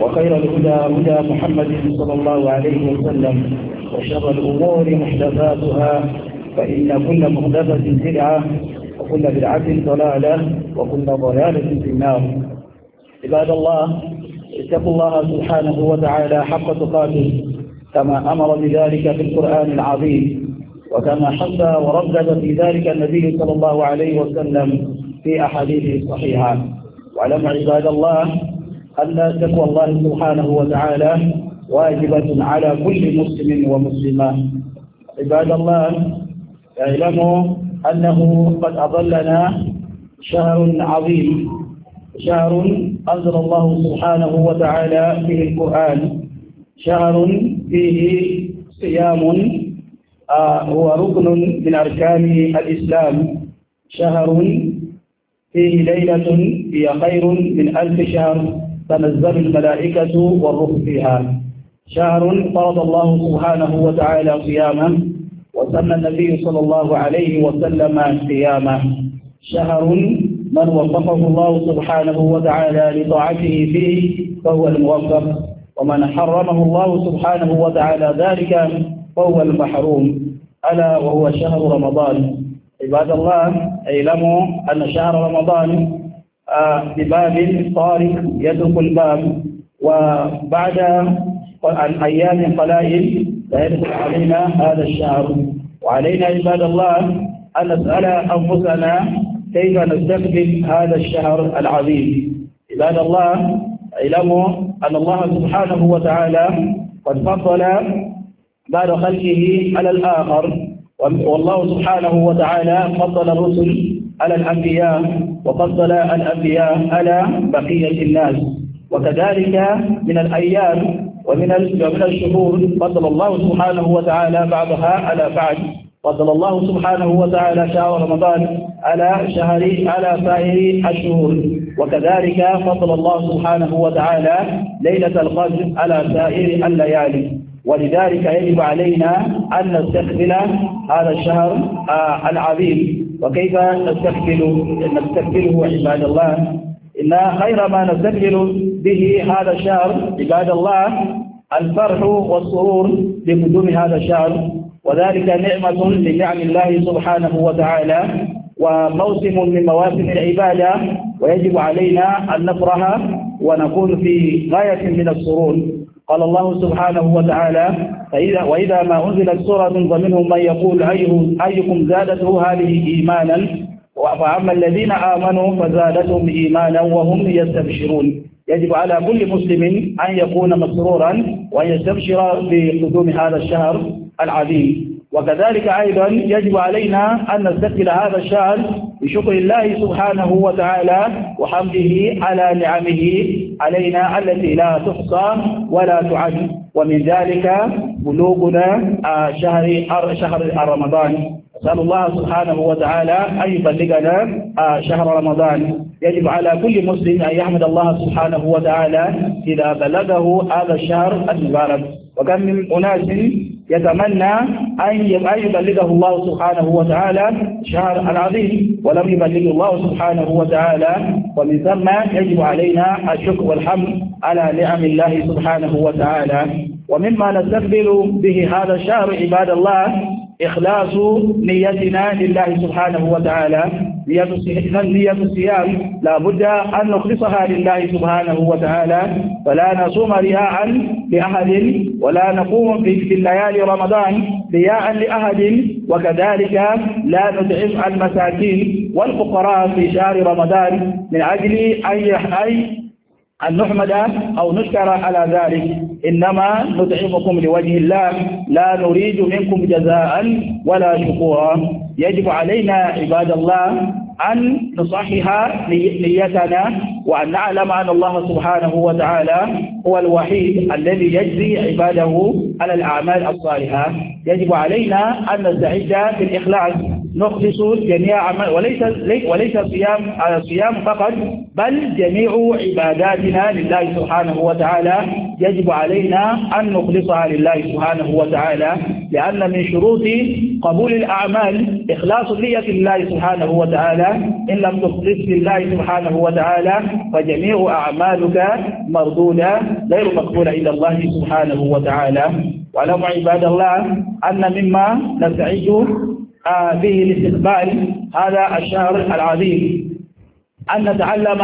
وخير الهدى هدى محمد صلى الله عليه وسلم وشر الأمور محدثاتها فإن كل محدثة بدعة وكل بدعة ضلالة وكل ضلالة في النار عباد الله اتقوا الله سبحانه وتعالى حق تقاته كما أمر بذلك في القرآن العظيم وكما حث وردد في ذلك النبي صلى الله عليه وسلم في أحاديثه الصحيحة واعلم عباد الله أن تقوى الله سبحانه وتعالى واجبة على كل مسلم ومسلمة عباد الله اعلموا أنه قد أضلنا شهر عظيم شهر أنزل الله سبحانه وتعالى فيه القرآن شهر فيه صيام آه، هو ركن من أركان الإسلام شهر فيه ليلة هي خير من ألف شهر تنزل الملائكة والروح فيها شهر فرض الله سبحانه وتعالى صيامه وسمى النبي صلى الله عليه وسلم صيامه شهر من وفقه الله سبحانه وتعالى لطاعته فيه فهو الموفق ومن حرمه الله سبحانه وتعالى ذلك فهو المحروم ألا وهو شهر رمضان عباد الله اعلموا أن شهر رمضان بباب طارق يدق الباب وبعد عن أيام قلائل سيدخل علينا هذا الشهر وعلينا عباد الله أن نسأل أنفسنا كيف نستقبل هذا الشهر العظيم عباد الله اعلموا أن الله سبحانه وتعالى قد فضل بعد خلقه على الآخر والله سبحانه وتعالى فضل الرسل على الأنبياء وفضل الأنبياء على بقية الناس وكذلك من الأيام ومن ومن الشهور فضل الله سبحانه وتعالى بعضها على بعض فضل الله سبحانه وتعالى شهر رمضان على شهر على سائر الشهور وكذلك فضل الله سبحانه وتعالى ليلة القدر على سائر الليالي ولذلك يجب علينا أن نستقبل هذا الشهر آه، العظيم وكيف نستقبل نستقبله عباد الله إن خير ما نستقبل به هذا الشهر عباد الله الفرح والسرور بقدوم هذا الشهر وذلك نعمة من نعم الله سبحانه وتعالى وموسم من مواسم العبادة ويجب علينا أن نفرح ونكون في غاية من السرور قال الله سبحانه وتعالى فإذا وإذا ما أنزلت سورة فمنهم من يقول أيكم زادته هذه إيمانا وأما الذين آمنوا فزادتهم إيمانا وهم يستبشرون يجب على كل مسلم أن يكون مسرورا وأن يستبشر بقدوم هذا الشهر العظيم وكذلك أيضا يجب علينا أن نستقبل هذا الشهر بشكر الله سبحانه وتعالى وحمده على نعمه علينا التي لا تحصى ولا تعد ومن ذلك بلوغنا آه، شهر شهر رمضان نسأل الله سبحانه وتعالى أن يبلغنا آه، شهر رمضان يجب على كل مسلم أن يحمد الله سبحانه وتعالى إذا بلغه هذا الشهر المبارك وكم من أناس يتمنى أن يبلغه الله سبحانه وتعالى شهر العظيم ولم يبلغه الله سبحانه وتعالى ومن ثم يجب علينا الشكر والحمد على نعم الله سبحانه وتعالى ومما نستقبل به هذا الشهر عباد الله إخلاص نيتنا لله سبحانه وتعالى نية الصيام لا بد أن نخلصها لله سبحانه وتعالى فلا نصوم رياء لأحد ولا نقوم في الليالي رمضان رياء لأحد وكذلك لا نتعب المساكين والفقراء في شهر رمضان من أجل أن أن نحمد أو نشكر على ذلك إنما نطعمكم لوجه الله لا نريد منكم جزاء ولا شكورا يجب علينا عباد الله أن نصحح نيتنا وأن نعلم أن الله سبحانه وتعالى هو الوحيد الذي يجزي عباده على الأعمال الصالحة يجب علينا أن نستعد بالإخلاص نخلص جميع عمل وليس وليس صيام صيام فقط بل جميع عباداتنا لله سبحانه وتعالى يجب علينا أن نخلصها لله سبحانه وتعالى لأن من شروط قبول الأعمال إخلاص النية لله سبحانه وتعالى إن لم تخلص لله سبحانه وتعالى فجميع أعمالك مردودة غير مقبولة إلى الله سبحانه وتعالى واعلموا عباد الله أن مما نستعيد به الاستقبال هذا الشهر العظيم أن نتعلم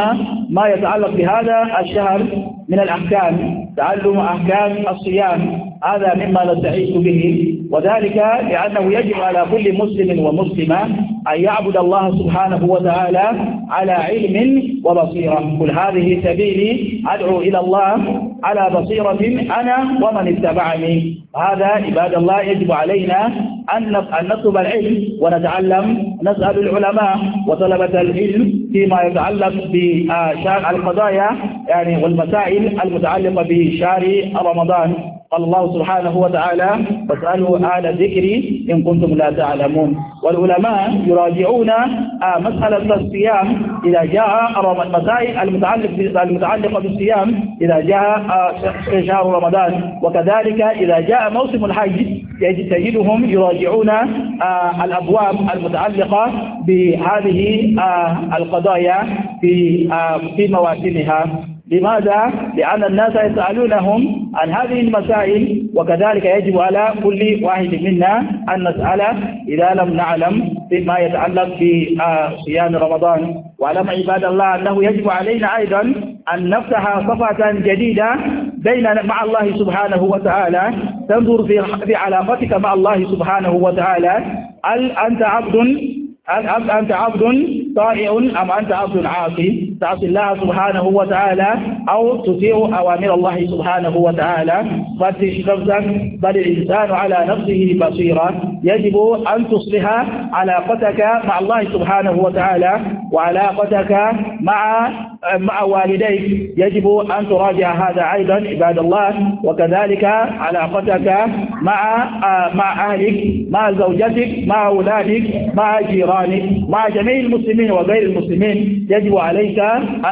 ما يتعلق بهذا الشهر من الأحكام تعلم أحكام الصيام هذا مما نستعيش به وذلك لأنه يجب على كل مسلم ومسلمة أن يعبد الله سبحانه وتعالى على علم وبصيرة قل هذه سبيلي أدعو إلى الله على بصيرة أنا ومن اتبعني هذا عباد الله يجب علينا أن نطلب العلم ونتعلم نسأل العلماء وطلبة العلم فيما يتعلق القضايا يعني والمسائل المتعلقة بشهر رمضان قال الله سبحانه وتعالى فاسألوا أهل الذكر إن كنتم لا تعلمون والعلماء يراجعون آه، مسألة الصيام إذا جاء المسائل المتعلق المتعلقة بالصيام إذا جاء آه، شهر رمضان وكذلك إذا جاء موسم الحج تجدهم يراجعون آه، الأبواب المتعلقة بهذه القضايا في في مواسمها لماذا؟ لأن الناس يسألونهم عن هذه المسائل وكذلك يجب على كل واحد منا أن نسأل إذا لم نعلم فيما يتعلق بصيام آه، رمضان وعلم عباد الله أنه يجب علينا أيضا أن نفتح صفحة جديدة بين مع الله سبحانه وتعالى تنظر في علاقتك مع الله سبحانه وتعالى هل أنت عبد هل أنت عبد طائع أم أنت عبد عاصي تعصي الله سبحانه وتعالى أو تطيع أوامر الله سبحانه وتعالى فتش نفسك بل الإنسان على نفسه بصيرة يجب أن تصلح علاقتك مع الله سبحانه وتعالى وعلاقتك مع مع والديك يجب أن تراجع هذا أيضا عباد الله وكذلك علاقتك مع مع أهلك مع زوجتك مع أولادك مع جيرانك الإيراني مع جميع المسلمين وغير المسلمين يجب عليك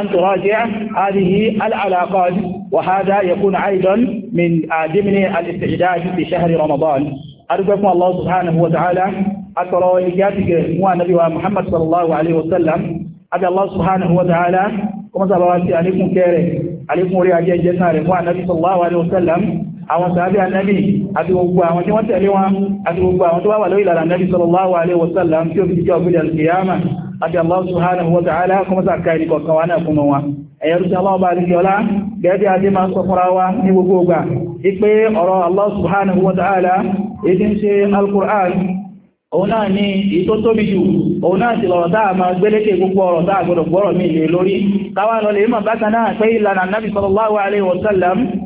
أن تراجع هذه العلاقات وهذا يكون أيضا من ضمن الاستعداد في شهر رمضان أرجوكم الله سبحانه وتعالى أترى إيجابك مع النبي محمد صلى الله عليه وسلم أبي الله سبحانه وتعالى ومزال الله عليكم كيره عليكم وريا جيجتنا رفوع النبي صلى الله عليه وسلم àwọn sàábí annabi àti gbogbo àwọn tí wọ́n tẹ̀lé wọn àti gbogbo àwọn tó wà lórí ìlànà annabi sallallahu alaihi wasallam tí ó fi jẹ́ ọgbẹ̀dẹ̀ alkiyama àti Allah subhanahu wa ta'ala kuma sa kai nìkan kan wà náà kúnnà wa ẹ̀yẹ̀rù sí Allah bá rí ọlá gẹ́gẹ́ àti máa sọ fúnra wa ní gbogbo ọgbà ipé ọ̀rọ̀ Allah subhanahu wa ta'ala èdè ń ṣe al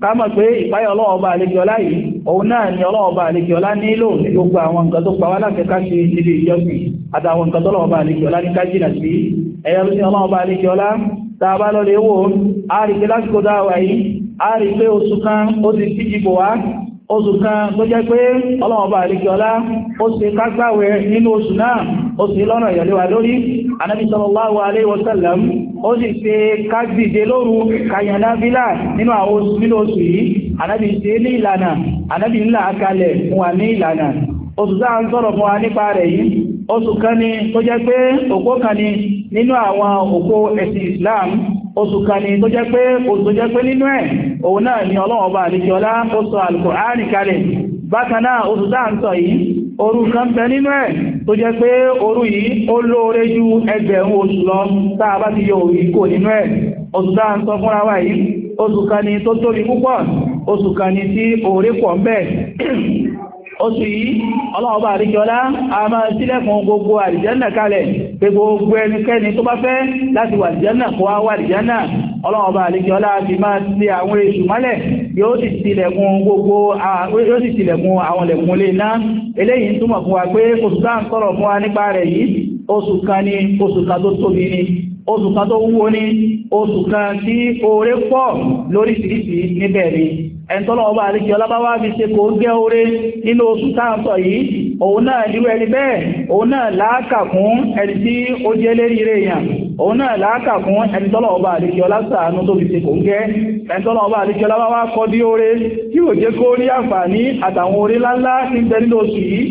ká mọ̀ pé ìpáyà ọlọ́ọ̀bá àlejọ́lá yìí òun náà ni ọlọ́ọ̀bá ọba nílò gbogbo àwọn nǹkan tó pàwá láti káṣe nílé ìjọsìn àtàwọn nǹkan tó lọ́ọ̀bá àlejọ́lá ní kájìnà sí ẹ̀yà ọlọ́ọ̀bá àlejọ́lá tàbá lọ́lẹ̀ wò á lásìkò dáwà yìí oṣù kan ó ti wá oṣù kan tó jẹ́ pé ọlọ́ọ̀bá ó sì lọ́nà lori? lórí anábi sallallahu alaihi wasallam ó sì ṣe kágbìdé lóru kayana bílá nínú àwọn oṣù yìí anábi ṣe ní ìlànà anábi ńlá akalẹ̀ fún wa ní ìlànà oṣù sáà ń sọ̀rọ̀ fún wa nípa rẹ̀ yìí kan ni tó jẹ́ pé kan ni nínú àwọn ẹ̀sìn Islam oṣù kan ni tó jẹ́ pé oṣù jẹ́ pé nínú ẹ̀ òun náà ni ọlọ́wọ́ bá òru kan bẹ nínú ẹ̀ tó jẹ́ pé òru yìí ó lóore ju ẹgbẹ̀rún oṣù lọ táa bá ti yọ òru kò nínú ẹ̀ oṣù táa ń sọ fúnra wa oṣù kan ni tó tóbi púpọ̀ oṣù kan ni tí òòrè pọ̀ ń bẹ oṣù yìí ọlọ́ọ̀bá àríkẹ́ọlá a máa sílẹ̀kùn gbogbo àlìjánà kalẹ̀ pé gbogbo ẹnikẹ́ni tó bá fẹ́ láti wà àlìjánà kó wá wà àlìjánà ọlọ́ọ̀bá àríkẹ́ọlá ti máa ti àwọn èṣù mọ́lẹ̀ yóò sì tilẹ̀kùn gbogbo yóò sì tilẹ̀kùn àwọn lẹ̀kùn lè ná eléyìí túmọ̀ fún wa pé oṣù tá ń sọ̀rọ̀ fún wa nípa rẹ̀ yìí oṣù kan ni oṣù kan tó tóbi ni oṣù kan tó wúwo ní oṣù kan tí oore pọ̀ lóríṣìíríṣìí níbẹ̀ ni ẹ̀ntọ́lọ̀ ọba àríkẹ́ ọlábáwá fi ṣe kò ń gẹ́ oore nínú oṣù táàtọ̀ yìí òun náà irú ẹni bẹ́ẹ̀ òun náà láákà fún ẹni tí ó jẹ́ lérí rẹ̀ èèyàn òun náà láákà fún ẹni tọ́lọ̀ ọba àríkẹ́ ọlásàánú tó fi ṣe kò ń gẹ́ ẹ̀ntọ́lọ̀ ọba àríkẹ́ ọlábáwá kọ́ dí oore tí ò jẹ́ kó rí àǹfààní àtàwọn oore láńlá ní bẹ nínú oṣù yìí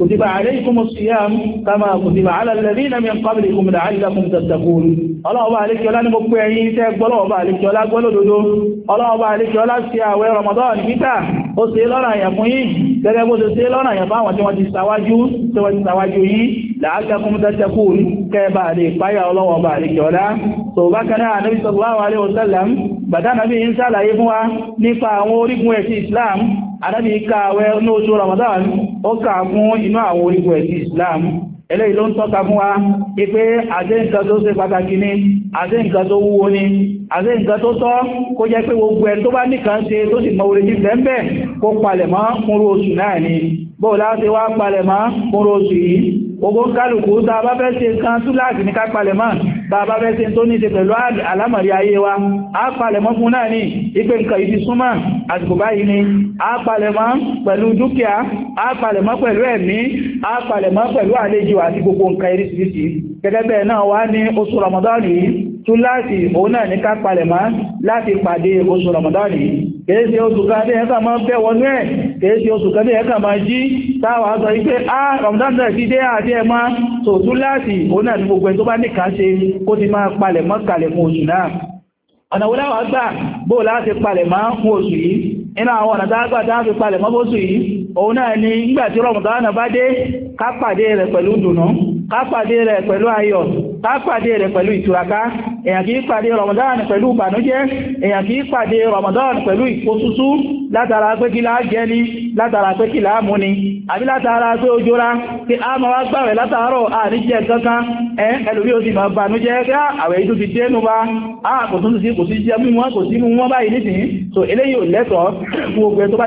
كتب عليكم الصيام كما كتب على الذين من قبلكم لعلكم تتقون الله عليك ولا نبقي الله عليك ولا قول دودو الله عليك ولا سياوي رمضان كتا ó ṣe lọ́nà àyà fún yín gẹ́gẹ́ bó ṣe ṣe lọ́nà àyà fáwọn tí wọ́n ti ṣàwájú tí wọ́n ti ṣàwájú yìí la'allakum tattaqun kẹba lè páyà ọlọ́wọ́ bá lè jọ́lá tó bá kaná ànábì sallallahu alaihi wasallam bàtà nàbí ń ṣàlàyé fún wa nípa àwọn orígun ẹ̀sìn Islam anábi ká àwẹ̀ ní oṣù Ramadan ó kà fún inú àwọn orígun ẹ̀sì Islam eléyìí ló ń tọ́ka fún wa ipé àṣẹ nǹkan tó ṣe pàtàkì ni àṣẹ nǹkan tó wúwo ni àṣẹ nǹkan tó tọ́ kó jẹ́ pé gbogbo ẹ̀ tó bá nìkan ṣe tó sì mọ orí bóòlá ti wá palẹ̀ máa múrò sí yìí ogbó kálùkù tá a bá fẹ́ ṣe kan túláàsì ní ká palẹ̀ máa tá a bá fẹ́ ṣe tó ní ṣe pẹ̀lú àlámọ̀rí ayé wa a palẹ̀ mọ́ fún náà ní ipé nǹkan ìfi súnmọ́ àsìkò báyìí ni a palẹ̀ mọ́ pẹ̀lú dúkìá a palẹ̀ mọ́ pẹ̀lú ẹ̀mí a palẹ̀ mọ́ pẹ̀lú àlejò àti gbogbo nǹkan irisirisi gẹ́gẹ́ bẹ́ẹ̀ náà wá ní oṣù Ramadan yìí túláàsì òun náà ní ká kìí oṣù kan ní ẹ̀ka máa ń bẹ́ wọnú ẹ̀ kìí oṣù kan ní ẹ̀ka máa jí táwàá sọ wípé a Ramadan ti dé àti ẹ̀ máa tòótú láti òun ní gbogbo ẹni tó bá nìkan ṣe kó ti máa palẹ̀ mọ́ kalẹ̀ fún oṣù náà ọ̀nà wo láwàá gbà bó láti palẹ̀ mọ́ fún oṣù yìí iná àwọn ọ̀nà tágbà táwọn fi palẹ̀ mọ́ fóṣù yìí òun náà ni nígbà tí Ramadan náà bá dé ká pàdé rẹ̀ pẹ̀lú dùnú ká pàdé rẹ̀ pẹ̀lú ayọ̀ bá pàdé rẹ̀ pẹ̀lú ìtùraká èyàn kìí pàdé Ramadan pẹ̀lú ìbànújẹ́ èyàn kìí pàdé Ramadan pẹ̀lú ìkósúsú látara pé kí láà jẹ́ ní látara pé kí láà mú ni àbí látara pé ó jóra kí a máa wá gbàwẹ̀ látàárọ̀ àríjẹ́ kankan ẹn ẹlòmí ó sì máa bànújẹ́ kí ah, àwẹ̀ ìtù ti dé nú ah, bá so eléyìí ò lẹ́tọ̀ọ́ fún ogun tó bá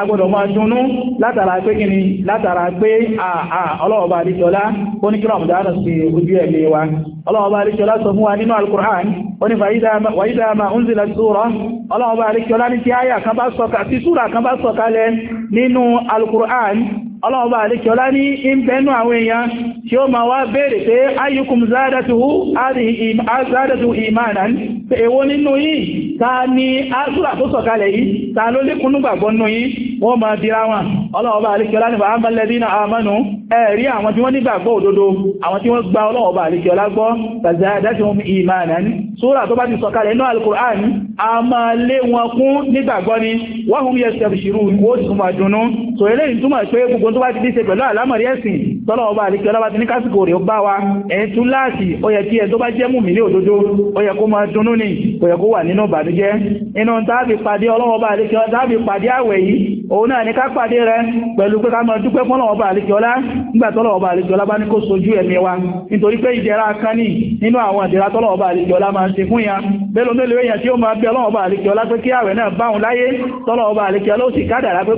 agbọ́dọ̀ máa dúnú látara pé kíni látara pé àà ọlọ́ọ̀bá àríṣọ́lá ó ní kíra ọ̀dá sí ojú ẹ̀mí wa ọlọ́ọ̀bá àríṣọ́lá sọ fún wa nínú al-Qur'an ó ní wàídà ma ń zìlá súra ọlọ́ọ̀bá àríṣọ́lá ní tí áyà kan bá sọ̀ka sí súra kan al-Qur'an ọlọ́ọ̀bá àríkẹ́ọlá ní ìbẹ̀nú àwọn èèyàn tí ó ma wá béèrè pé ayyukum zádàtù ìmánan pé èwo nínú yìí ta ni ásùrà tó sọ̀kalẹ̀ yìí ta ló lékúnnúgbàgbọ́ nínú yìí wọ́n máa dira wọn ọlọ́ọ̀bá alékiọlá ní bàbá lẹ́dínà àmánú ẹ̀rí àwọn tí wọ́n nígbàgbọ́ òdodo àwọn tí wọ́n gba ọlọ́ọ̀bá alékiọlá gbọ́ tazadatuhum imanan súrà al-Qur'an a máa ni wahum yastabshirun wọ́n sì tún máa dùnnú so eléyìí túmọ̀ pé gbogbo tó bá tọ́lọ̀ ọba àríkẹ́ ọlọ́bá ti ní kásìkò rẹ̀ bá wa ẹ̀yìn tún láàṣì ó yẹ kí ẹ tó bá jẹ́ mùmí ní òdodo ó yẹ kó máa dunnú ní kò yẹ kó wà nínú ìbànújẹ́ inú tàbí pàdé ọlọ́wọ́ba àríkẹ́ tàbí pàdé àwẹ̀ yìí òun náà ní ká pàdé rẹ pẹ̀lú pé ká máa dúpẹ́ fọ́lọ́wọ́ba àríkẹ́ ọlá wa nítorí pé ìdẹ̀ra kan ní nínú àwọn ìdẹ̀ra tọ́lọ̀wọ́ba àríkẹ́ ọlá máa ń ṣe fún ya mélòó mélòó èèyàn tí ó máa bí ọlọ́wọ́ba àríkẹ́ ọlá pé kí àwẹ̀ náà báhùn láyé tọ́lọ̀wọ́ba àríkẹ́ ọlá ó sì kádàrá pé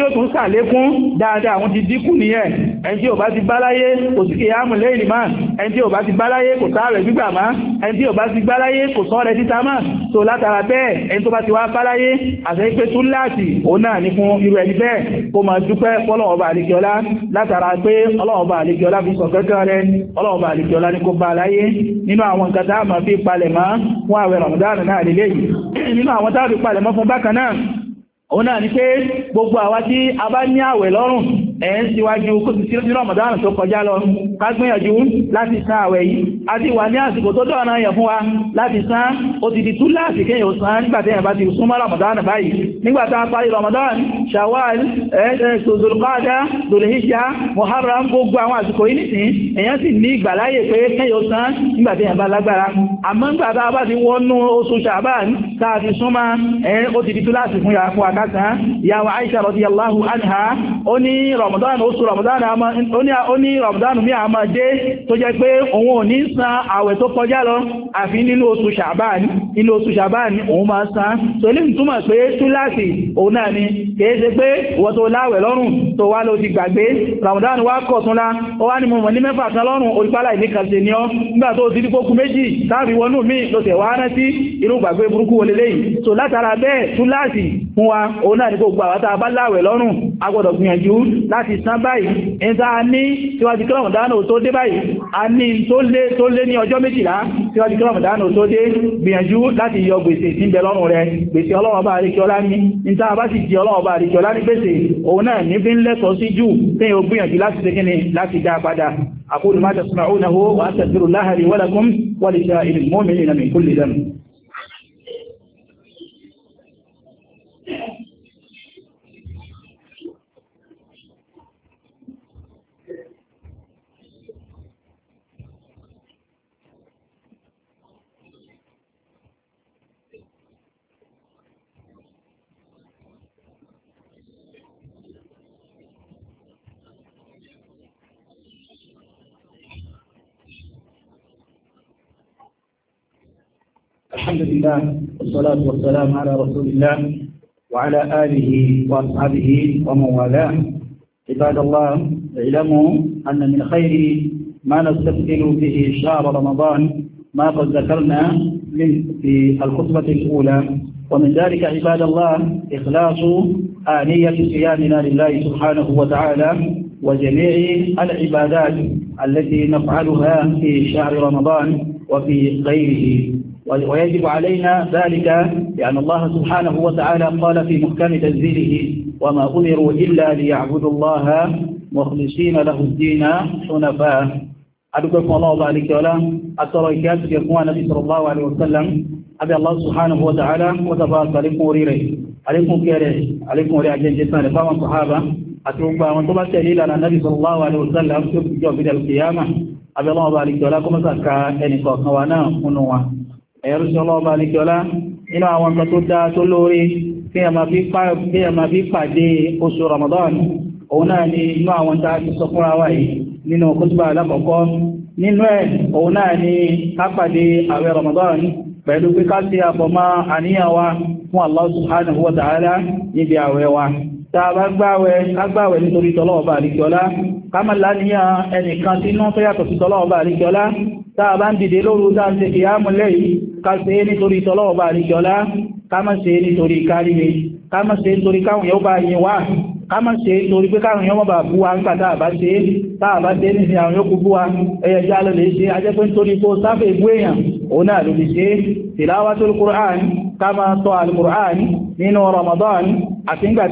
tí ó tún sàlékún dáadáa àwọn ti dínkù nìyẹn ẹni tí ò bá ti báláyé kò sí kìyàmù lẹ́yìn máa ẹni tí ò bá ti báláyé kò sáà rẹ̀ gbígbà má ẹni tí ò bá ti báláyé kò sọ́ rẹ̀ títà má tó látara bẹ́ẹ̀ ẹni tó bá ti wá báláyé àti pé tún láti òun náà ní fún irú ẹni bẹ́ẹ̀ kó máa dúpẹ́ fọ́lọ́ọ̀bà àlekíọlá látara pé ọlọ́ọ̀bà àlekíọlá fi sọ kẹ́kẹ́ rẹ̀ ọlọ́ọ̀bà àlekíọlá ní kó bá aláyé nínú àwọn nǹkan tá a máa fi palẹ̀ mọ́ fún àwẹ̀ rọ̀mùdánù náà lélẹ́yìn nínú àwọn tá a fi palẹ̀ mọ́ fún bákan òun náà ni pé gbogbo àwa tí a bá ní àwẹ̀ lọ́rùn ẹ̀ ń síwájú kó ti sílójú Ramadan tó kọjá lọ ká gbìyànjú láti san àwẹ̀ yìí a ti wà ní àsìkò tó dọ̀ọ̀nà yẹ̀ fún wa láti san ó ti di túláàsì kéyàn ó san nígbàtí ẹ̀yàn bá ti súnmọ́ Ramadan báyìí nígbàtí a parí Ramadan Shawwal Dhul-Qa'dah Dhul-Hijjah Muharram gbogbo àwọn àsìkò yìí nìsín èyàn sì ní ìgbàláyè pé kéyàn ó san nígbàtí ẹ̀yàn bá ramadan oṣù ramadan ó ní ramadan mi a máa dé tó jẹ́ pé òun ò ní san àwẹ̀ tó kọjá lọ àfi nínú oṣù ṣàbáàní nínú oṣù ṣàbáàní òun máa san tó ní túmọ̀ pé túláàsì òun náà ni kìí ṣe pé ìwọ tó láwẹ̀ lọ́rùn tó wá ló ti gbàgbé ramadan wá kọ̀túnlá ó wá ní mo mọ̀ ní mẹ́fà kan lọ́rùn olùpálá ìníkànṣe ni ọ́ mi ló tẹ̀ wá rántí irú gbàgbé burúkú wọlé lẹ́yìn tó látara bẹ́ẹ̀ túláàsì fún wa òun náà ní láti sán báyìí ẹ̀ntà ní tíwájú kí tó dé báyìí a ní tó lé ní ọjọ́ méjìlá tíwájú kí tó dé gbìyànjú láti yọ gbèsè tí ń rẹ gbèsè Ọlọ́run bá rí kí ọlá ní تسمعونه وأستغفر الله لي ولسائر المؤمنين من كل ذنب الحمد لله والصلاة والسلام على رسول الله وعلى آله وأصحابه ومن والاه عباد الله اعلموا أن من خير ما نستثمر به شهر رمضان ما قد ذكرنا من في الخطبة الأولى ومن ذلك عباد الله إخلاص آنية صيامنا لله سبحانه وتعالى وجميع العبادات التي نفعلها في شهر رمضان وفي غيره ويجب علينا ذلك لأن الله سبحانه وتعالى قال في محكم تنزيله وما أمروا إلا ليعبدوا الله مخلصين له الدين حنفاء أدعوكم الله بارك ولا أتركات يقوى النبي صلى الله عليه وسلم أبي الله سبحانه وتعالى وتبارك عليكم وريري عليكم كيري عليكم وريري أجل جسان فهم صحابة أتوقع من طبع تهليل على النبي صلى الله عليه وسلم في يوم القيامة أبي الله بارك ولا كما سأكا أني قوى نوانا ونوانا ẹ̀rù sí ọlọ́ọ̀bá alìkọ́lá nínú àwọn nǹkan tó dáa tó lóore bí a máa fi pàdé oṣù Ramadan òun náà ni inú àwọn tá a ti sọ fúnra wa yìí nínú kútùbà alákọ̀ọ́kọ́ nínú ẹ̀ òun náà ni ká pàdé àwẹ̀ Ramadan pẹ̀lú pé ká sí àfọ̀mọ́ àníyàn fún Allah ta'ala níbi àwẹ̀ wa tá a bá gbáwẹ̀ ká gbáwẹ̀ nítorí tọ́lọ́ọ̀bá àlìkọ́lá ká má láníyàn ẹnìkan sínú táà bá ń dìde lóru táà ń ṣe lẹ́yìn ká ṣe é nítorí tọ́lọ́ọ̀bà àríjọlá ṣe é nítorí káríre ká ṣe é nítorí káwọn yóò bá yin wá é pé káwọn yóò bá bú wa nípa bá ṣe é táà bá ṣe é nìsín àwọn yóò kú bú wa ẹyẹ jẹ́ alẹ́ lè ṣe ajẹ́ nítorí kó sáfẹ́ ìbú èèyàn òun ṣe é Qur'an ká máa tọ́ al nínú Ramadan àti nígbà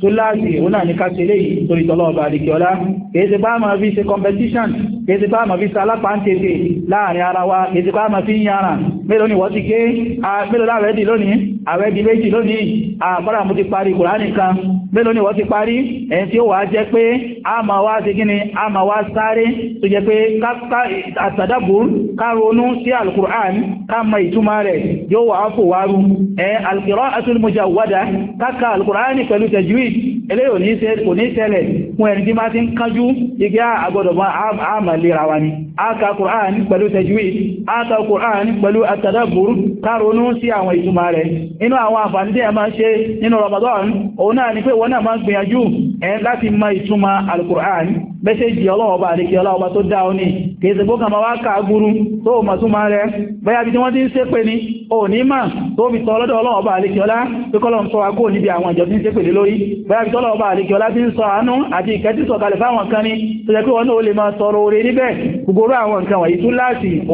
tó láàáyé òun náà ní ká ṣe léyìí torí tọ́lọ́ọ̀bà àdìkíọ́lá kèése bá máa fi ṣe competition kèése bá máa fi ṣe alápáńtẹ́tẹ́ láàrin ara wa kèése bá máa fi ń yára mélòó ni wọ́n ti gé mélòó láàrẹ́ dì lónìí àwẹ́ di méjì lónìí àkọ́rà mú ti parí kùránì kan mélòó ni wọ́n ti parí ẹ̀yìn tí ó wà jẹ́ pé a máa wá eléyò ní ṣe kò ní ṣẹlẹ̀ fún ẹni tí máa ti ń kánjú igi àgbọ̀dọ̀mọ́ àmàlera wa ni a ka Qur'an pẹ̀lú tajwid a ka Qur'an pẹ̀lú atadabbur káronú sí àwọn ìtumà rẹ̀ inú àwọn àǹfààní tí a máa ṣe nínú Ramadan òun náà ni pé wọ́n náà máa gbìyànjú ẹ̀ láti mọ ìtumà al-Qur'an mẹ́ṣẹ́jì ọlọ́ọ̀bá àríkì ọlọ́ọ̀bá tó dá ọ ní kèèsè bó kàmà wá kàágúrú tó o màtúmà rẹ̀ báyá bí tí wọ́n ti ń ṣépè ní o ní mà tó bí tọ́ lọ́dọ̀ ọlọ́ọ̀bá àríkì ọlá tó kọ́lọ̀ ń sọ agbó níbi àwọn ìjọ tí ń ṣépè lé lórí báyá bí tọ́lọ́ọ̀bá àríkì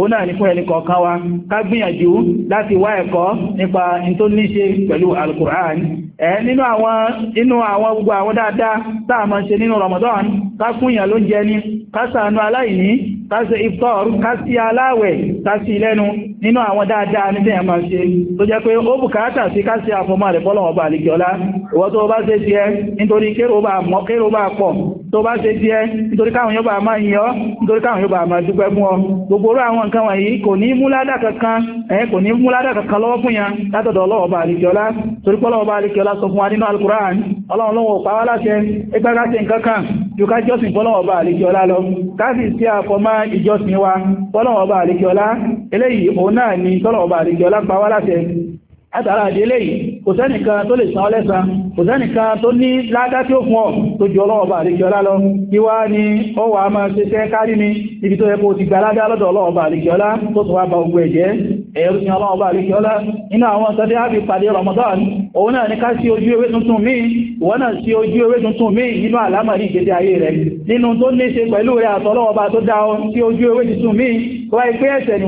ọlá wa ká gbìyànjú láti wá ẹ̀kọ́ nípa in tó ní ṣe pẹ̀lú alukur'an ẹ̀ nínú àwọn gbogbo àwọn dáadáa Ramadan ká èèyàn ló ń jẹ ní kásàánú aláìní kásì iftar kásì aláwẹ̀ kásì lẹ́nu nínú àwọn dáadáa ní tẹ́yàn máa ṣe tó jẹ́ pé ó bùkátà sí kásì àfọmọ́ rẹ̀ fọ́lọ̀wọ̀ bá àlejò ọlá ìwọ́ tó bá ṣe ṣe ẹ́ nítorí kérò pọ̀ tó bá ṣe díẹ̀ nítorí káwọn yóò bá máa yọ nítorí káwọn yóò bá máa dúpẹ́ fún ọ gbogbo orú àwọn nǹkan wọ̀nyí kò ní múládà kankan ẹ̀ kò ní múládà kankan lọ́wọ́ fún yan látọ̀dọ̀ ọlọ́wọ́ bá àríkẹ́ọlá torí bá sọ fún wa nínú alukuraan ọlọ́run lọ́wọ́ pa kò sẹ́nìkan tó lè san ọlẹ́sàn kò sẹ́nìkan tó ní ládá tí ó fún ọ tó jù ọlọ́ọ̀bà àríkíọlá lọ kí wá ní ó wà máa ṣe tẹ́ kárí ni ibi tó yẹ kó ti gba lọ́dọ̀ ọlọ́ọ̀bà àríkíọlá tó tún wá ba ogun ẹ̀jẹ́ ẹ̀rù Ramadan òun náà ní ká sí ojú ewé tuntun míì ìwọ náà sí ojú ewé tuntun míì nínú àlámọ̀rí ìgbésí ayé rẹ̀ nínú tó ní ṣe pẹ̀lú rẹ̀ àtọ́lọ́ọ̀bà tó dá ọ sí ojú ewé tuntun míì tó wáyé pé ni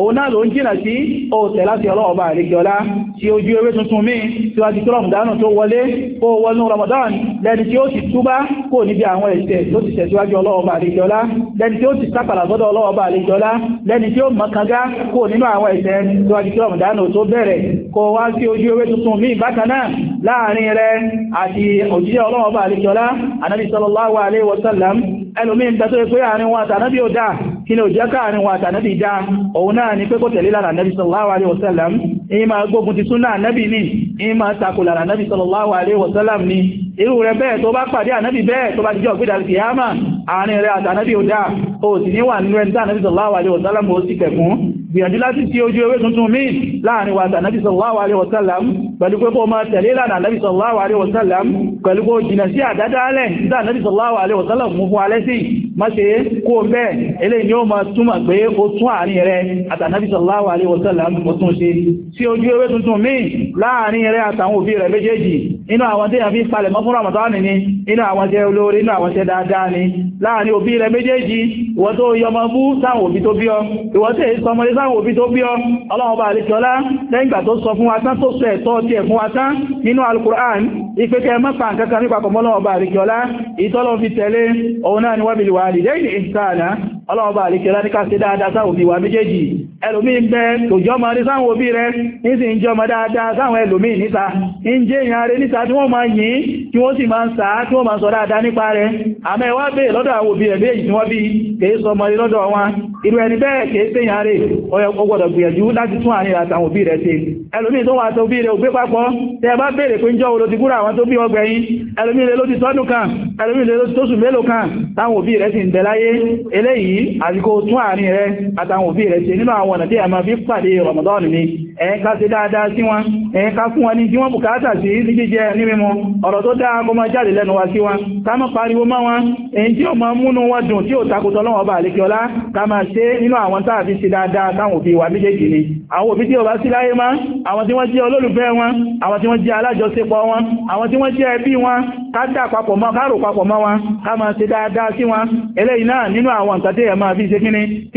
wọ́n náà ló ń jìnà sí òòtẹ̀ láti ọlọ́ọ̀bá àríkẹ́ọlá tí ojú ewé tuntun mí tí wá ti tó rọmùdánù tó wọlé kó wọnú ramadan lẹni tí ó sì túbá kó níbi àwọn ẹ̀ṣẹ̀ tó ti tẹ̀síwájú ọlọ́ọ̀bá àríkẹ́ọlá lẹni tí ó sì sápàlà sọ́dọ̀ ọlọ́ọ̀bá àríkẹ́ọlá lẹni tí ó mọ̀kangá kó nínú àwọn ẹ̀ṣẹ̀ tó wá ti kí ni ò jẹ́ káàrin wa tànábì dá òun náà ni pé kó tẹ̀lé lára nábì sallallahu alaihi wasallam èyí máa gbógun ti súnà nábì ní èyí máa takò lára nábì sallallahu alaihi wasallam ní irú rẹ bẹ́ẹ̀ tó bá pàdé ànábì bẹ́ẹ̀ tó bá jíjọ gbé dàrí kìyàmà àárín rẹ àtànábì ò dáa ó sì níwà nínú ẹni pẹ̀lú pé kó máa tẹ̀lé ìlànà Ànábì sallallahu alaihi wasallam pẹ̀lú kó jìnà sí àdádálẹ̀ ìdá Ànábì sallallahu alaihi wasallam mú fún alẹ́sì má ṣe kó bẹ́ẹ̀ eléyìí ni ó máa túmọ̀ pé ó tún àárín rẹ̀ àtànábì sallallahu alaihi wasallam ó tún ṣe sí ojú ewé tuntun míì láàárín rẹ̀ àtàwọn òbí rẹ̀ méjèèjì inú àwọn tí a fi palẹ̀ mọ́ fún Ramadan ni inú àwọn jẹ́ olóore inú àwọn jẹ́ dáadáa ṣàlàyé ẹ̀ fún wa tán nínú alukur'an ìpẹ́kẹ́ mọ́pàá nǹkankan nípa pọ̀mọ́lọ́ ọba àríkíọlá ìtọ́lọ́ fi tẹ̀lé òun náà ni wa bil walidayni ihsana ọlọ́ọba àríkíọlá ní ká ṣe dáadáa sáwọn òbí wa méjèèjì ẹlòmí ń bẹ tòjọ́ ma rí sáwọn òbí rẹ̀ nísì ń jọmọ dáadáa sáwọn ẹlòmí níta ń jẹ́ èèyàn rẹ̀ níta tí wọ́n ma yìn tí wọ́n sì ma ń sàá tí wọ́n ma sọ dáadáa nípa rẹ̀ àmẹ́ wá bèè lọ́dọ̀ àwọn òbí rẹ̀ méjì tí wọ́n bí kèé sọ ọmọ lọ́dọ̀ wọn irú ẹni bẹ́ẹ̀ kèé séyàn rẹ̀ ó gbọ́dọ̀ gbìyànjú láti tún àárín àtàwọn òbí rẹ̀ ṣe ẹlòmí tó wà tó bí ọ̀nà tí a máa fi pàdé Ramadan ni ẹ̀yìn ká ṣe dáadáa sí wọn ẹ̀yìn ká fún wọn ní tí wọ́n bùkátà sí ní jíjẹ ní mímu ọ̀rọ̀ tó dáa kó máa jáde lẹ́nu wa sí wọn ká má pariwo mọ́ wọn èyí tí ó máa múnú wọn dùn tí ó takòtọ́ lọ́wọ́ bá ṣe nínú a fi ṣe dáadáa táwọn ni àwọn òbí tí ó bá kí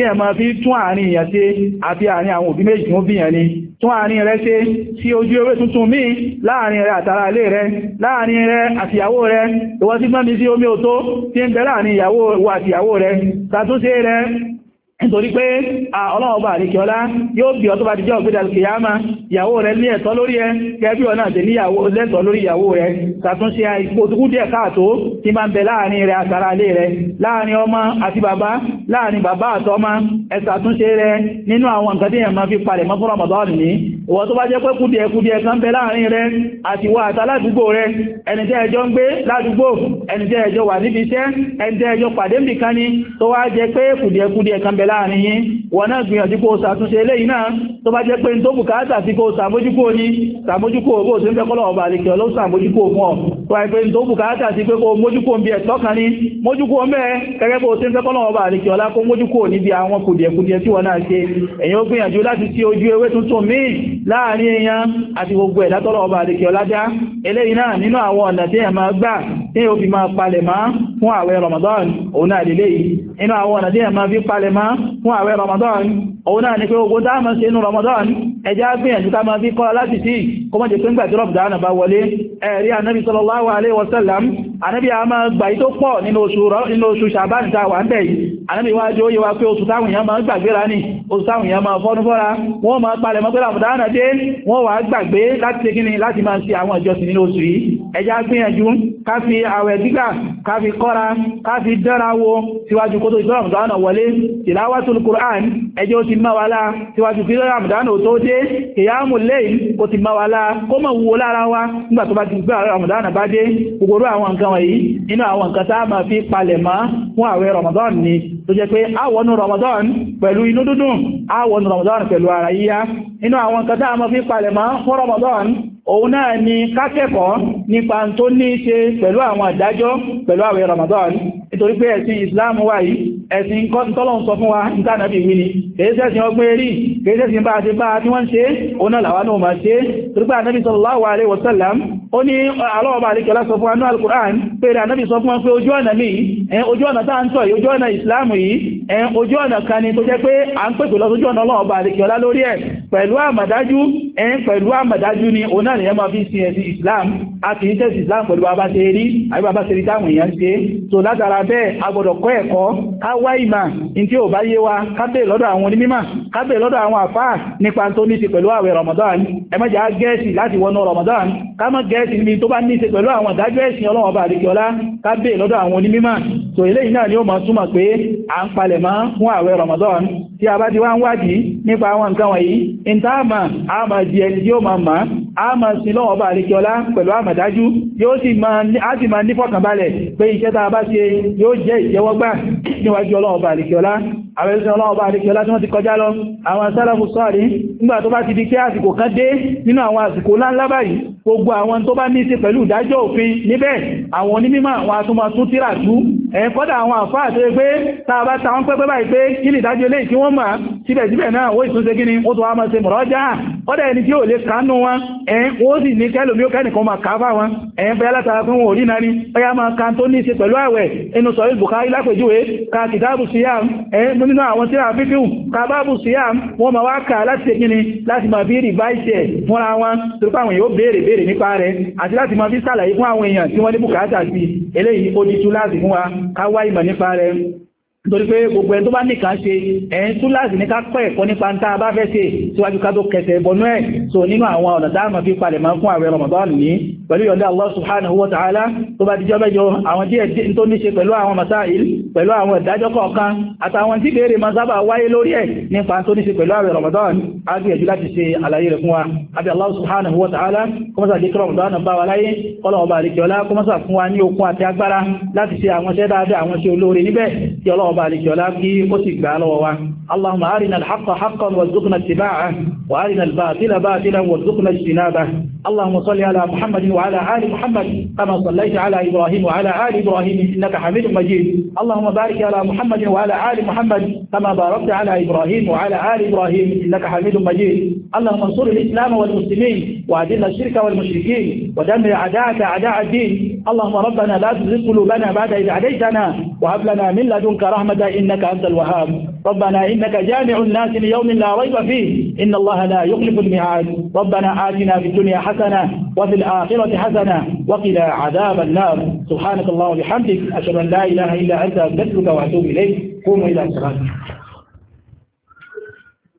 ẹ̀ máa fi tún àárín ìyàn àti àárín àwọn òbí méjì tó bíyàn ni tún àárín rẹ ṣe sí ojú ewé tuntun míì láàrin rẹ àtàrà ilé rẹ láàrin rẹ àtìyàwó rẹ ìwọ sí gbọ́n mi sí omi òtó tí ń bẹ láàrin ìyàwó àtìyàwó rẹ rẹ nítorí pé ọlọ́ọ̀bà àríkẹ́ọlá yóò bí ọtọ́ bá ti jẹ́ ọ̀gbẹ́dà kìyàmá ìyàwó rẹ̀ ní ẹ̀tọ́ lórí ẹ gẹ́bí ọ̀nà àti níyàwó lẹ́tọ̀ lórí ìyàwó rẹ̀ ṣàtúnṣe ìpòtúkú díẹ̀ káàtó tí máa ń bẹ láàrin rẹ̀ àtàrà alé rẹ̀ láàrin ọmọ àti ìwọ tó bá jẹ́ pé kúdìẹ̀ kúdìẹ̀ kan bẹ láàrin rẹ àti wà àtà ládùúgbò rẹ ẹni tẹ́ ẹjọ́ ń gbé ládùúgbò ẹni tẹ́ ẹjọ́ wà níbi iṣẹ́ ẹni ẹjọ́ pàdé nìkan ni tó wá jẹ́ pé kúdìẹ̀ kúdìẹ̀ kan bẹ láàrin yín wọ́n náà gbìyànjú kó ṣàtúnṣe eléyìí náà tó bá jẹ́ pé tó bùkátà sí kó ṣàmójúkó ní ṣàmójúkó owó tó ń fẹ́ kọ́lọ̀ ọba àlèkè ọlọ́ ṣàmójúkó fún ọ tó wáyé pé tó bùkátà sí pé kó mójúkó ń bí ẹ̀tọ́ kan ní mójúkó ń bẹ́ẹ̀ gẹ́gẹ́ bó tó ń fẹ́ kọ́lọ̀ ojú ewé tuntun míì láàrin èèyàn àti gbogbo ẹ̀dá tọ́lọ̀ ọba àdíkẹ̀ ọlájá eléyìí náà nínú àwọn ọ̀nà tí ẹ̀ gbà tí ó fi máa palẹ̀ máa fún àwẹ̀ Ramadan òun náà lélẹ̀ yìí inú àwọn ọ̀nà tí ẹ̀ fi palẹ̀ máa fún àwẹ̀ Ramadan òun náà ni pé ogun dáàmà sí inú Ramadan ẹjá gbìyànjú ká máa fi kọ́ láti sí kọmọ́jẹ̀ pé ń gbà tí rọ̀bùdánà bá wọlé ẹ̀rí ànábì sallallahu alaihi wasallam ànábì a máa gbà tó pọ̀ nínú oṣù ṣàbáàni tá wà ń bẹ̀ yìí ànábì wá jẹ́ òye wa pé oṣù táwọn èèyàn máa gbàgbéra ní oṣù táwọn èèyàn máa fọ́nú fọ́ra wọ́n máa palẹ̀ mọ́ pé làmùdáánà dé wọ́n wá gbàgbé láti ṣe kíni láti máa ṣe àwọn ìjọsìn nínú oṣù yìí ẹjá wa lá síwájú kí ràmùdáánà tó dé kìyàmù nǹkan wọ̀nyí inú àwọn nǹkan tá máa fi palẹ̀ mọ́ fún àwẹ̀ Ramadan ni tó jẹ́ pé àwọnú Ramadan pẹ̀lú inú dúdùn àwọnú Ramadan pẹ̀lú ara yíyá inú àwọn nǹkan tá máa fi palẹ̀ mọ́ fún Ramadan òun náà ni kákẹ́kọ̀ọ́ nípa tó ní ṣe pẹ̀lú àwọn àdájọ́ pẹ̀lú àwẹ̀ Ramadan nítorí pé ẹ̀sìn Islam wà yìí ẹ̀sìn tọ́lọ̀n sọ fún wa ìtànàbí wí ni kèésẹ́sìn ọgbẹ́ rí kèésẹ́sìn bá ti bá tí wọ́n ṣe òun náà làwọn náà ṣe alaihi wasallam ó ní alọ́ọ̀bà àríkẹ́lá sọ fún anú al-Qur'an pé rẹ̀ ànábì sọ fún wọn pé ojú ọ̀nà mi ojú ọ̀nà tá ń tọ̀ ojú ọ̀nà Islam yìí ojú ni tó jẹ́ pé à ń pèpè ẹ̀yìn pẹ̀lú àmàdájú ni o náà ni ẹ fi sin ẹ̀sìn Islam a kìí Islam pẹ̀lú bàbá ṣe rí àbí bàbá ṣe rí táwọn èèyàn ṣe tó látara bẹ́ẹ̀ a gbọ́dọ̀ kọ́ ẹ̀kọ́ ká wá ìmà in tí ò bá yé wa ká lọ́dọ̀ àwọn onímímà ká lọ́dọ̀ àwọn àfáà nípa tó ní ti pẹ̀lú àwẹ̀ Ramadan ẹ má jà gẹ́ẹ̀sì láti wọnú Ramadan ká má gẹ́ẹ̀sì ní tó bá ní ṣe pẹ̀lú àwọn ìdájọ́ ẹ̀sìn ọlọ́wọ́ bá àdìkíọlá ká bẹ̀ lọ́dọ̀ àwọn onímímà tò eléyìí náà ni ó máa túmọ̀ pé à ń palẹ̀ mọ́ fún àwẹ̀ Ramadan tí a bá ti wá ń wádìí nípa àwọn nǹkan wọ̀nyí ìntàmà àmà di ẹni tí ó máa máa a máa sin lọ́wọ́ bá àríkẹ́ ọlá pẹ̀lú àmàdájú yóò sì máa ní fọkànbalẹ̀ pé iṣẹ́ tá a bá ṣe yóò jẹ́ ìjẹ́wọ́gbà níwájú ọlọ́wọ́ bá àríkẹ́ ọlá àwọn ẹ̀sìn ọlọ́wọ́ bá àríkẹ́ ọlá tí wọ́n ti kọjá lọ àwọn sálàfù sọ́ọ̀rí nígbà tó bá ti di kí àsìkò kan dé nínú àwọn àsìkò láńlá báyìí gbogbo àwọn tó bá ní ṣe pẹ̀lú ìdájọ́ òfin níbẹ̀ àwọn onímọ̀ àwọn atúmọ̀ tún tíra tú ẹ̀yìn àwọn àfáà tó yẹ pé tàbá pẹ́pẹ́ báyìí pé kí lè dájú eléyìí tí wọ́n mọ̀ síbẹ̀síbẹ̀ náà ọ́dá ẹni tí ó lè kánú wọn ẹ̀yìn ó sì ní kẹ́lòmí ó kẹ́nìkan máa kàáfà wọn ẹ̀yìn bẹ́ látara fún òrí náà ni ọya máa kan tó ní ṣe pẹ̀lú àwẹ̀ inú sọ Bukhari lápẹjúwé ka kìtàbù síyàm ẹ̀yìn nínú àwọn tí a fífíù ka bábù síyàm wọ́n máa wá kà láti ṣe kíni láti máa fi rí báyìí ẹ̀ fúnra wọn torí pé àwọn èèyàn béèrè béèrè nípa rẹ̀ àti láti máa fi sàlàyé fún àwọn èèyàn tí wọ́n ní bùkátà sí eléyìí ó di tú láti fún wa ká wá ìmọ̀ nípa rẹ̀ nítorí pé gbogbo ẹni tó bá nìkan ṣe ẹ̀yìn tún láti ní ká pẹ́ ẹ̀kọ́ nípa tá bá fẹ́ ṣe síwájú ká tó kẹsẹ̀ ìbọnú ẹ̀ so nínú àwọn ọ̀nà dáàmà fi palẹ̀ máa fún ààrẹ Ramadan ní pẹ̀lú yọ̀ndẹ́ Allah subhanahu wa ta'ala tó bá dijọ́ mẹ́jọ àwọn díẹ̀ tó ní ṣe pẹ̀lú àwọn masáìl pẹ̀lú àwọn ìdájọ́ kọ̀ọ̀kan àtàwọn tí béèrè máa sábà wáyé lórí ẹ̀ nípa tó ní Ramadan a gbìyànjú láti ṣe subhanahu wa ta'ala kọmọ́sà jẹ́ Ramadan bá wa láyé kọ́lọ̀ ọba àríkẹ́ ọlá kọmọ́sà fún wa ní okun àti agbára láti ṣe àwọn kí ọlọ́wọ́ bá alìkọ̀ọ́lá kí ó sì gbà lọ́wọ́ wa allahumma arina al-haqqa haqqan warzuqna ittibaa'ah وارنا الباطل باطلا وارزقنا اجتنابه اللهم صل على محمد وعلى ال محمد كما صليت على ابراهيم وعلى ال ابراهيم انك حميد مجيد اللهم بارك على محمد وعلى ال محمد كما باركت على ابراهيم وعلى ال ابراهيم انك حميد مجيد اللهم انصر الاسلام والمسلمين واذل الشرك والمشركين ودمر اعداءك اعداء الدين اللهم ربنا لا تزغ قلوبنا بعد إذ هديتنا وهب لنا من لدنك رحمه انك انت الوهاب ربنا انك جامع الناس ليوم لا ريب فيه ان الله الله لا يخلف الميعاد ربنا آتنا في الدنيا حسنة وفي الآخرة حسنة وقنا عذاب النار سبحانك اللهم وبحمدك أشهد أن لا إله إلا أنت أستغفرك وأتوب إليك قوموا إلى صلاتكم